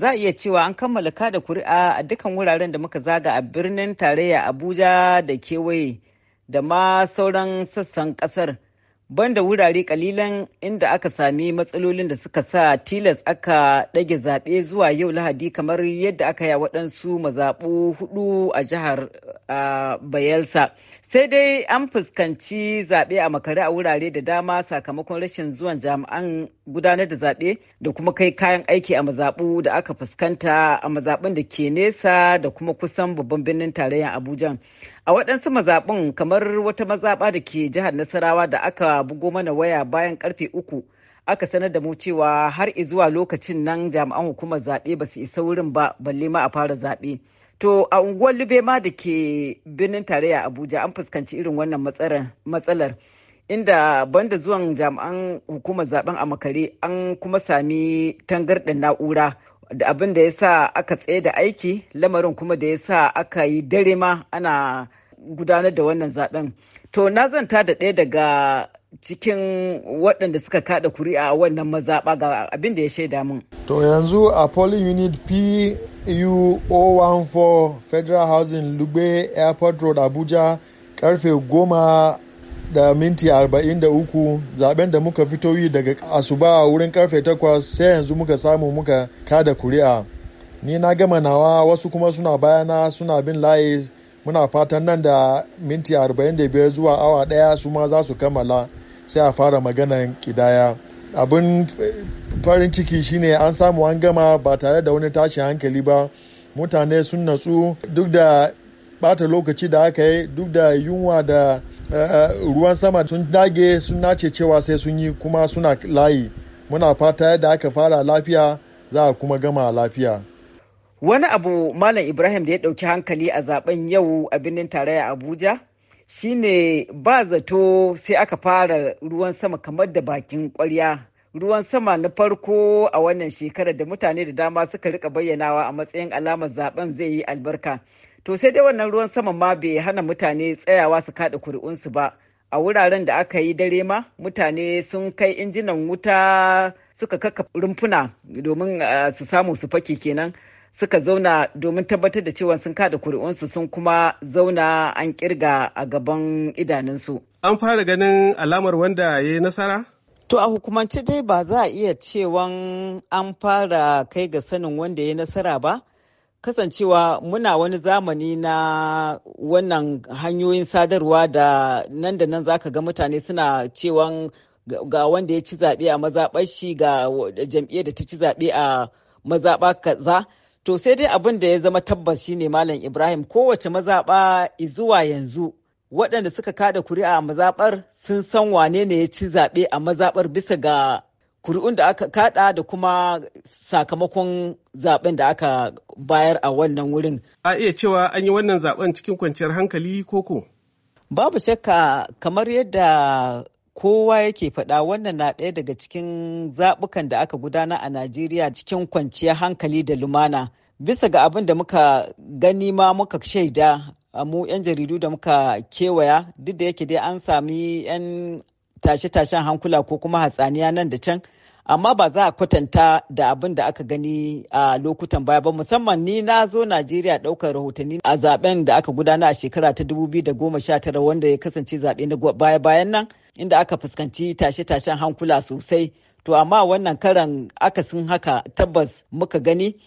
Za a iya cewa an kammala kada kuri'a a dukkan wuraren da muka zaga a birnin tarayya Abuja da kewaye da ma sauran sassan kasar. Banda wurare kalilan inda aka sami matsalolin da suka sa tilas aka ɗage zaɓe zuwa yau lahadi kamar yadda aka yi waɗansu mazaɓu hudu a jihar Bayelsa. sai dai an fuskanci zaɓe a makare a wurare da dama sakamakon rashin zuwan jami'an gudanar da zaɓe da kuma kai kayan aiki a mazaɓu da aka fuskanta a mazaɓin da ke nesa da kuma kusan babban birnin tarayyar abuja a waɗansu mazaɓin kamar wata mazaɓa da ke jihar nasarawa da aka bugo mana waya bayan karfe uku aka sanar da mu cewa har zuwa lokacin nan jami'an hukumar zaɓe ba su isa wurin ba balle ma a fara zaɓe To a unguwar Lube ma da ke birnin tarayya Abuja an fuskanci irin wannan matsalar inda banda zuwan jami'an hukumar zaben a makare an kuma sami tangarɗin na'ura da abin da ya sa aka tsaye da aiki lamarin kuma da ya sa aka yi dare ma ana gudanar da wannan zaben. To na zanta da ɗaya daga cikin waɗanda suka kaɗa kuri'a wannan mazaɓa ga abin da ya shaida min. To yanzu a polling unit P one 014 Federal Housing Lugbe Airport Road Abuja karfe goma da minti 43 zaben da muka fito yi daga asuba wurin karfe 8 sai yanzu muka samu muka kada kuri'a ni na gama nawa wasu kuma suna bayana suna bin layi muna fatan nan da minti 45 zuwa awa daya su ma za su kammala sai a fara maganan kidaya abin farin ciki shine an samu an gama ba tare da wani tashin hankali ba mutane sun natsu duk da bata lokaci da aka yi duk da yunwa da eh, eh, ruwan sama sun dage sun nace cewa sai sun yi kuma suna layi muna fata yadda aka fara lafiya za a kuma gama lafiya wani abu malam ibrahim da ya dauki hankali a zaben yau a birnin tarayya abuja shine ba zato sai aka fara ruwan sama kamar da bakin kwarya ruwan sama na farko a wannan shekarar da mutane da dama suka rika bayyanawa a matsayin alamar zaben zai yi albarka to sai dai wannan ruwan sama ma bai hana mutane tsayawa su kada kuri'unsu ba a wuraren da aka yi dare ma mutane sun kai injinan wuta suka kaka rumfuna domin eh, su samu su fake kenan suka zauna domin tabbatar da cewa sun kada kuri'unsu sun kuma zauna an kirga a gaban idanunsu. An fara ganin alamar wanda ya yi nasara? To a hukumance dai ba za a iya cewa an fara kai ga sanin wanda ya nasara ba. Kasancewa muna wani zamani na wannan hanyoyin sadarwa da nan da nan zaka ga mutane suna cewa ga wanda ya ci zaɓe a mazaɓar shi ga jam'iyyar da ta ci zaɓe a mazaɓa kaza. To sai dai abin da ya zama tabbas shine Malam Ibrahim kowace mazaɓa zuwa yanzu waɗanda suka kada kuri'a a mazaɓar sun san wane ne ya ci zaɓe a mazaɓar bisa ga kuri'un da aka kada da kuma sakamakon zaɓen da aka bayar a wannan wurin. A iya cewa an yi wannan zaɓen cikin kwanciyar hankali koko? Babu shakka kamar yadda kowa yake faɗa wannan na ɗaya daga cikin zaɓukan da aka gudana a najeriya cikin kwanciyar hankali da lumana bisa ga abin da muka gani ma muka shaida a mu 'yan jaridu da muka kewaya duk da yake dai an sami 'yan tashe-tashen hankula ko kuma hatsaniya nan da can amma ba za a kwatanta da abin da aka gani a lokutan baya ba musamman ni na zo najeriya ɗaukar rahotanni a zaben da aka gudana a shekara ta 2019 wanda ya kasance zaɓe na baya-bayan nan inda aka fuskanci tashe-tashen hankula sosai to amma wannan karan akasin haka tabbas muka gani